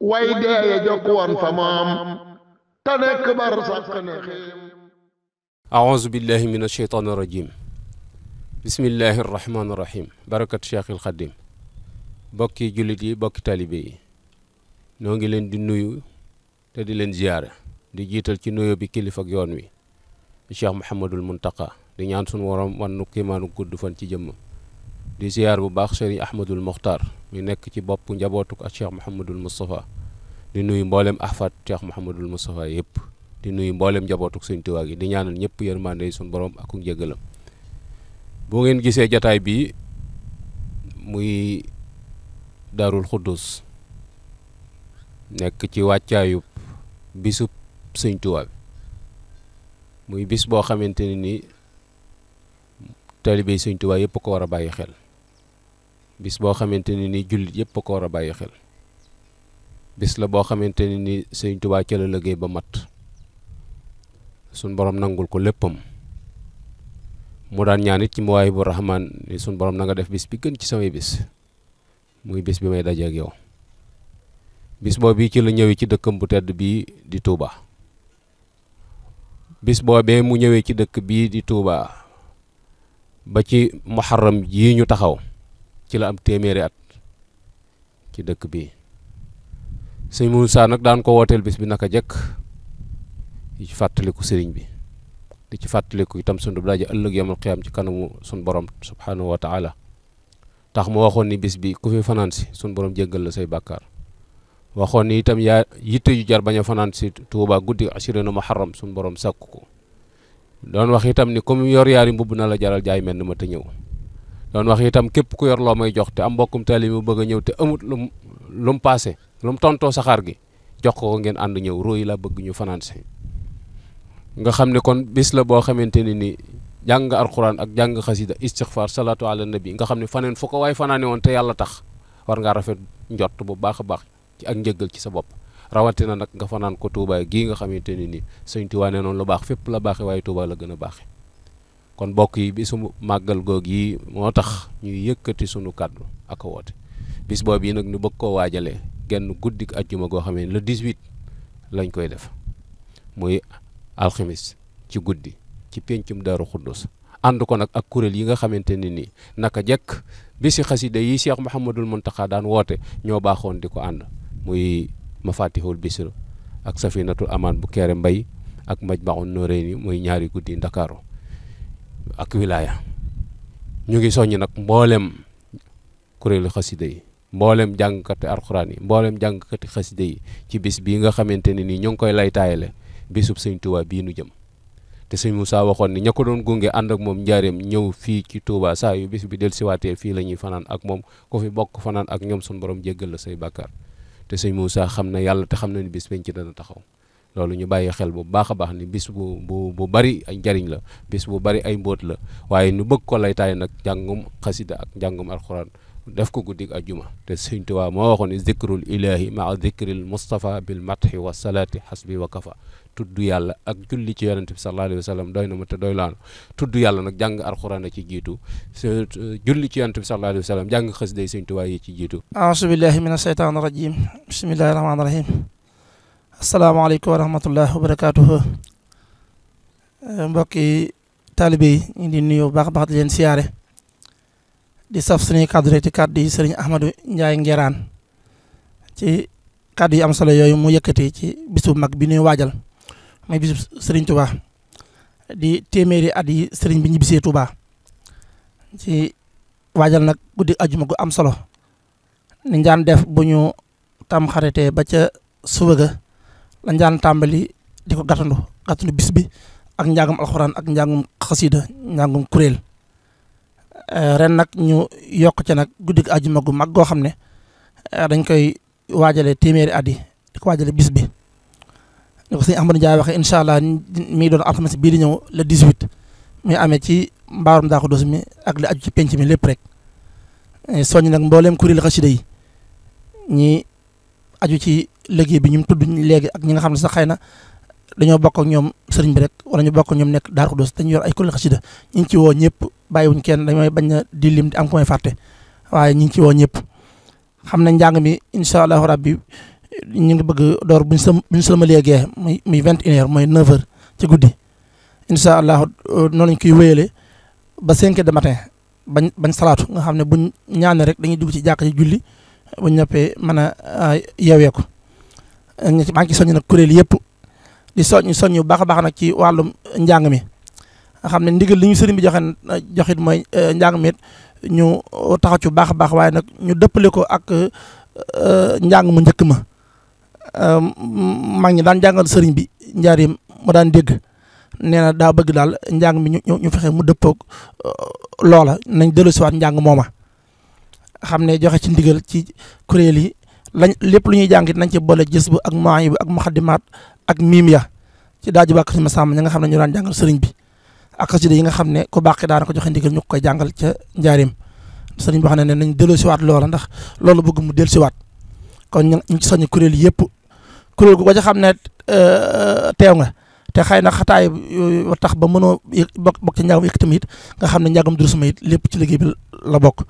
way deeye jokk woon fa moom te bokki jullit yi bokki talibe yi noo ngi leen di nuyu te di leen ziyaare di jiital ci nuyu bi kilifa ak yoon wi cheikh muhammadul muntaka di ñaan sunu worom wan nu kiimaanu gudd fan ci jëmm di bu baax sëriñ ahmadul muxtaar mi nekk ci bopp njabootuk ak cheikh mouhamadul moustapha di nuyu mboolem ahfat cheikh mouhamadul moustapha yëpp di nuyu mboolem njabootuk suñ tuwaa gi di ñaanal ñëpp yërmande yi suñ borom ak njëgalam boo ngeen gisee jataay bii muy daarul xuddus nekk ci wàccaayub bisub sëñ Tuubaa muy bis boo xamante ne ni taalibe sëñ Tuubaa yëpp ko war a bàyyi xel bis boo xamante ne ni jullit yëpp ko war a bàyyi xel bis la boo xamante ne ni Sëriñ Tuubaa ca ba mat suñ borom nangul ko léppam mu daan ñaan ci mbawaay bu raxmaan ni borom na def bis bi ci samay bis muy bis bi may dajeeg yow bis boo bii ci la ñëwee ci dëkkam bu tedd bii di Touba bis boobee mu ñëwee ci dëkk bii di Touba ba ci muharram yi ñu taxaw ci la am téeméeri at ci dëkk bi sëñ Moussa nag daan ko wooteel bis bi naka jëkk di ci fàttaliku sëriñ bi di ci fàttaliku itam sunu daaje ëllëg yamul xiyaam ci kanamu sunu borom subhaanahu tax mu waxoon ni bis bi ku fi fanaan si sunu borom jéggal la say bàkkaar waxoon ni itam yaa yitte yu jar bañ a fanaan si Tuuba guddi asirina muharram sunu borom sakku ko doon wax itam ni comme yor yaari mbubb na la jaral jaay mel na ma te ñëw. doon wax itam képp ku yor loo may jox te am mbokkum taalibe mu bëgg a ñëw te amut lum lu mu paase lu mu tontoo saxaar gi jox ko ngeen ànd ñëw roo laa bëgg ñu fanaan financé nga xam ne kon bis la boo xamante ne ni jàng alxuraan ak jàng xasida istixfaar salaatu ala nabi nga xam ne faneen fu ko waaye fanaane woon te yàlla tax war ngaa rafet njott bu baax a baax ci ak njëggal ci sa bopp rawatina nag nga fanaan ko Touba gii nga xamante ne ni sëñ Tuubaa nee noonu lu baax fépp la baaxee waaye Touba la gën a baaxee kon bokk yi bi bisu màggal goog yi moo tax ñuy yëkkati sunu kàddu ak woote bis boobu yi nag ñu bëgg koo waajalee genn guddik ajjuma goo xam ne le 18 lañ koy def muy alxamis ci guddi ci péncum Daaru Xuddus ànd ko nag ak kuréel yi nga xamante ne nii naka jekk bisi xasida yi Cheikh Mouhamadul Mountakha daan woote ñoo baaxoon di ko ànd muy mafatihul bisr ak safinatul amaan bu keere mbay ak majmaun noreyni muy ñaari guddi ndakaaroo ak wilaaya ñu ngi soññ nag mboolem kuréelu xasida yi mboolem jàngkati alxuraan yi mboolem jàngkati xasida yi ci bis bii nga xamante ne nii ñu ngi koy lay bisub sëñ Touba bii nu jëm te sëñ Moussa waxoon ni ña ko doon gunge ànd ak moom njaareem ñëw fii ci tuubaa saa yu bis bi del siwaatee fii la ñuy fanaan ak moom ku fi bokk fanaan ak ñoom suñu borom jéggal la say bàkkaar te sëñ Moussa xam na yàlla te xam na ni bis penc dana taxaw loolu ñu bàyyi xel bu baax a baax ni bis bu bu bu bari ay njariñ la bis bu bari ay mbóot la waaye nu bëgg ko lay taay nag njàngum xasida ak njàngum alxuraan def ko guddig ajjuma te sëñ Tuubaa moo waxoon ni zikrul ilahi maa zikril mustafa bil mathi wa salaati hasbi wa kafa tudd yàlla ak julli ci yonente bi sallallahu alayhi wa sallam doy na ma te doy laanu tudd yàlla nag jàng alxuraan a ci jiitu julli ci yonente bi sallallahu alayhi wa sallam jàng xasida yi sëñ yi ci jiitu aasubillahi min asheytaan irajim bismillahi rahmaani rahim asalaamaaleykum wa rahmatullah wa barakaatuhu eh, mbokki taalibe yi ñu di nuyu bu baax a baax di leen siyaare di saf suñuy kàddu rek ci yi sëriñ Ahmadou Ndiaye ngeraan ci kàddu yi am solo yooyu mu yëkkati ci bisu mag bi nuy waajal muy bisu sëriñ Touba di téeméeri at yi sëriñ bi ñu bisee Touba ci waajal nag guddi ajuma gu am solo ni ñu daan def bu ñu tam xaritee ba ca suba lañ daan tàmbali di ko gàttandu gàttandu bi ak njàngum alxuraan ak njàngum xasida njàngum kuréel eh, ren nag ñu yokk ci nag guddig àjjuma gu mag goo xam ne eh, dañ koy waajale téeméeri at yi di ko waajale bis bi ni ko sëñ Ahmadou Ndiaye allah mi doon alxames bii di ñëw le 18 muy amee ci mbaarum Daaru Xudoos mi ak li aju ci penc mi lépp rek eh, soññ nag mbooleem kuréel xasida yi ñi aju ci léegi bi ñu tudd léegi ak ñi nga xam ne sax xëy na dañoo bokk ak ñoom sëriñ bi rek wala ñu bokk ak ñoom nekk Daaru Xudoos dañu yor ay kuréel xasida ñu ngi ci woo ñëpp bàyyiwuñ kenn damay bañ a di lim di am ku waaye ñu ngi ci woo ñëpp xam ne njàng mi incha allahu rabbi ñu ngi bëgg door buñ sa buñ sëlmalee gee muy muy vingt et une mooy neuf heures ci guddi incha allah noonu lañ koy wéyale ba cinq de matin bañ bañ salaatu nga xam ne buñ ñaanee rek dañuy dugg ci jàkka ci julli buñ ñëppee mën a yeewee maa ngi ci soññ nag kuréel yëpp di soññ soññ bu baax baax nag ci wàllum njàng mi xam ne ndigal li ñu sëriñ bi joxe joxit mooy euh, njàng mi ñu taxaw baax a baax waaye nag ñu dëppale ko ak euh, njàng mu njëkk ma euh, mag ñi daan jàngal sëriñ bi njaarim mu daan dégg nee na daa bëgg daal njàng mi ñu ñu fexe mu dëppoog loola nañ dellusiwaat njàng mooma xam ne joxe ci ndigal ci kuréel yi lañ lépp lu ñuy jàngit nañ ci boole gis bu ak maay bu ak muxaddimaat ak miim ya ci daaju bàkk si ma sàmm ñi nga xam ne ñu daan jàngal sëriñ bi ak xasida yi nga xam ne ku bàqi daana ko joxe ndigal ñu koy jàngal ca njaarim sëriñ bi wax ne ne nañ dellu siwaat loola ndax loolu bëgg mu si waat kon ñu ngi ci soññ kuréel yëpp kuréel gu ko ci xam ne euh, teew nga te xëy na xataay tax ba mënoo bokk bokk ci njàngam yëkkatam it nga xam ne njàngam durus ma lépp ci liggéey bi la bokk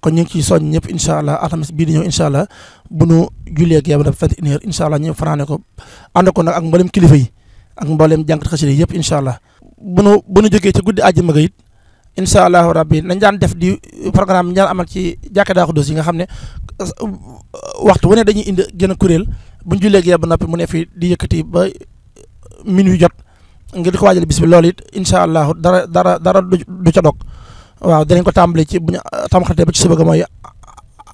kon ñu ngi ciy soññ ñëpp incha allah alxames bii di ñëw incha allah bu nu jullee geew daf vingt et une heure incha allah ñu fanaane ko ànd ko nag a kuréel buñ jullee ba noppi mu ne fii di yëkkati minuit jot ngir di ko waajal bis bi loolu it incha dara dara dara du ca dog waaw dinañ ko tàmbali ci bu ñu ah, tamxatee ba ci suba ga mooy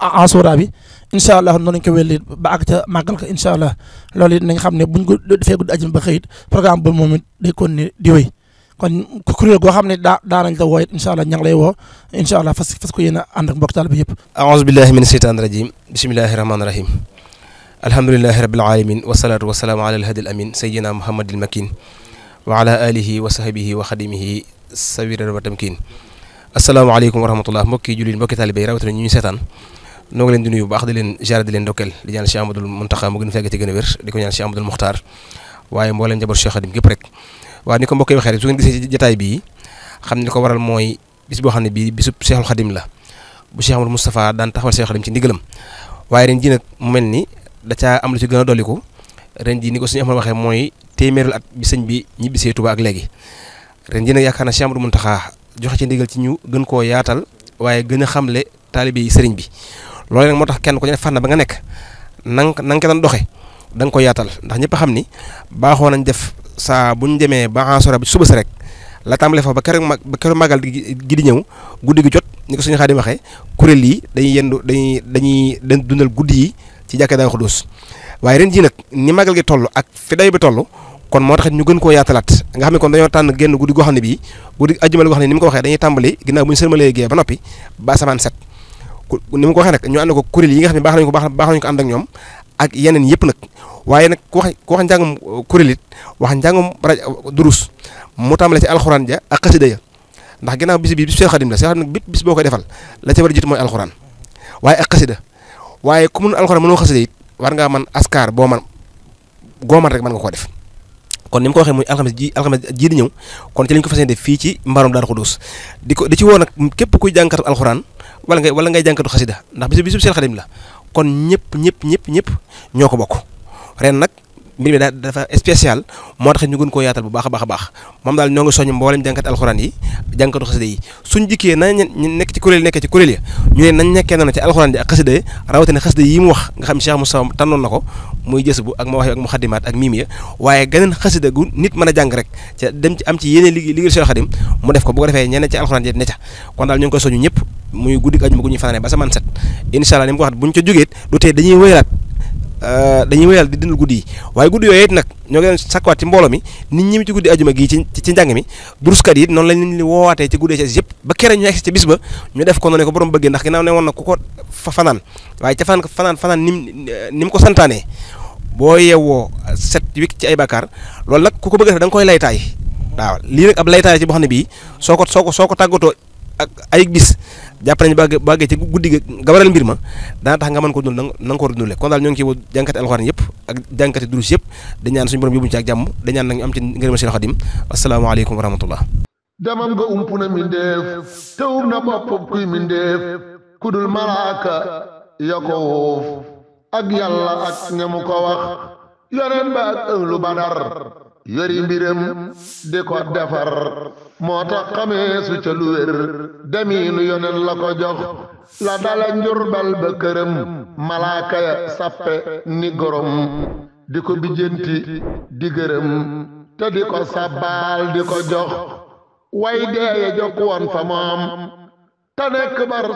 asura ah, ah, bi incha allah noonu lañ ko wéyal ba àgg ca màggal ko incha allah loolu it nañ xam ne buñ ko defee guddi ba xëyit programme ba moom it day continuer di kon kuréel goo xam ne daa daanañ la woo it incha woo incha allah fas fas ko a ànd ak mbokk taal bi yëpp. alhamdulilahi rabil alamin wasalaatu wasalaamu ala alhadi amin sayidina muhammadil makin wa ala alihi wa sahbihi wa xadimihi sawiran wa tamkin asalaamaaleykum wa rahmatullah mbokki jullit mbokki taalibe yi rawatina ñu ñu seetaan noo ngi leen di nuyu bu baax di leen jaar di leen dokkeel di ñaan Cheikh Amadou Mountakha mu gën a fegg gën a wér di ko ñaan Cheikh Amadou Mokhtar waaye mbooleem njaboot Cheikh Khadim gépp rek waaw ni ko mbokk yi waxee su ko waral mooy bis boo xam ne bii bisub Cheikhul Khadim la bu Cheikh Amadou Moustapha daan taxawal Cheikh Khadim ci ndigalam waaye ren ji nag mu mel ni da caa am lu ci gën a dolliku ren ji ni ko suñu amoon waxee mooy téeméerul at bi sëñ bi ñibbisee Tuuba ak léegi ren ji yaakaar na Cheikh Amadou Mountakha joxe ci ndigal ci ñu gën koo yaatal waaye gën a xamle taalibe yi sëriñ bi loolu nag moo tax kenn ku ne fànn ba nga nekk nan nan ko doon doxee da ko yaatal ndax ñëpp xam ni baaxoo nañ def saa bu ñu demee ba en bi suba si rek la tàmbalee fa ba keroog mag ba keroog magal gi di ñëw guddi gi jot ni ko suñu Xaadim waxee kuréel yi dañuy yendu dañuy dañuy dundal guddi yi ci jàkka daa xudus waaye ren jii nag ni magal gi toll ak fi day bi toll kon moo tax ñu gën koo yaatalaat nga xam ne kon dañoo tànn génn guddi goo xam ne bii guddi ajjumal goo xam ne ni mu ko waxee dañuy tàmbali ginnaaw ba noppi ba mu ko waxee nag ñu ànd ko kuréel yi nga xam ne baax nañu ko baax nañu ak ñoom ak yeneen waaye nag ku wax ku uh, kuréel it wax njàngum uh, durus mu tàmbale ci alxuraan ja ak xasida ndax ginnaaw bis bi bis Seex Xadim la Seex Xadim nag bis boo koy defal la ca war a jiitu mooy alxuraan waaye ak xasida waaye ku mun alxuraan mënoo xasida it war ngaa man askar boo man goo man rek mën nga koo def kon ni mu ko waxee muy alxames ji alxames ji di ñëw kon ci lañ ko fas yéene def fii ci mbaarum Daaru Xudoos di ko di ci woo nag képp kuy jànkatu alxuraan wala ngay wala ngay jànkatu xasida ndax bisu bisu seen xadim la kon ñëpp ñëpp ñëpp ñëpp ñoo ko bokk ren nag mbir mi daal dafa spécial moo tax ñu gën koo yaatal bu baax a baax baax moom daal ñoo ngi soññ mboolem jànkat alxuraan yi jànkatu xasida yi suñ jikkee nañ nekk ci kuréel nekkee ci kuréel ya ñu ne nañ nekkee noonu ci alxuraan ji ak xasida yi rawatina a jàng rek ca dem ci am ci yeneen liggéey liggéey Cheikh Xadim mu def ko bu kon daal ñu ngi koy soññ ñëpp muy guddik ajuma gu ñu fanaane ba sa man set incha ni mu ko wax buñ ca jógeet du tee dañuy wéyalaat Euh, dañuy wéyal di dindal guddi yi waaye guddi yooyu it nag ñoo ngi leen sakkuwaat ci mbooloo mi nit ñi ci guddi ajuma gii ci ci njàng mi bruskat yi noonu lañ leen di woowaatee ci guddee ci yëpp ba kere ñu egsi ci bis ba ñu def ko noonu ko bëggee ndax ginnaaw ne woon na ku ko fa fanaan waaye ca fanaan fanaan fanaan nim ni ko santaanee boo yeewoo set wik ci ay bakkaar loolu nag ku ko bëgg a def da nga koy laytaay waaw lii nag ab laytaay ci boo xam ne bii soo ko soo ko ak ay bis jàpp nañu bàgg bàggee ci guddi ga nga waral mbir ma dana tax nga man ko dund na nga ko war a dundale kon daal ñoo ngi ciy woo jànkati alxuraan yëpp ak jànkati durus yëpp di ñaan suñu borom yóbbuñu ci ak jàmm di ñaan nag ñu am ci ngërëm Seex Xadim asalaamaaleykum wa rahmatullah damam nga ump na mindeef te um na bopp kuy mindeef ku dul malaaka ya ko wóof ak yàlla ak ña mu ko wax yoneen ba ak ëhlu badar yori mbiram di ko defar moo tax xamee su ca yonen la ko jox la dala njurbal ba këram malaaka ya sappe ni gorom di ko bijjanti di te di ko sabbaal di ko jox way deeye jokk woon fa moom te nekk bar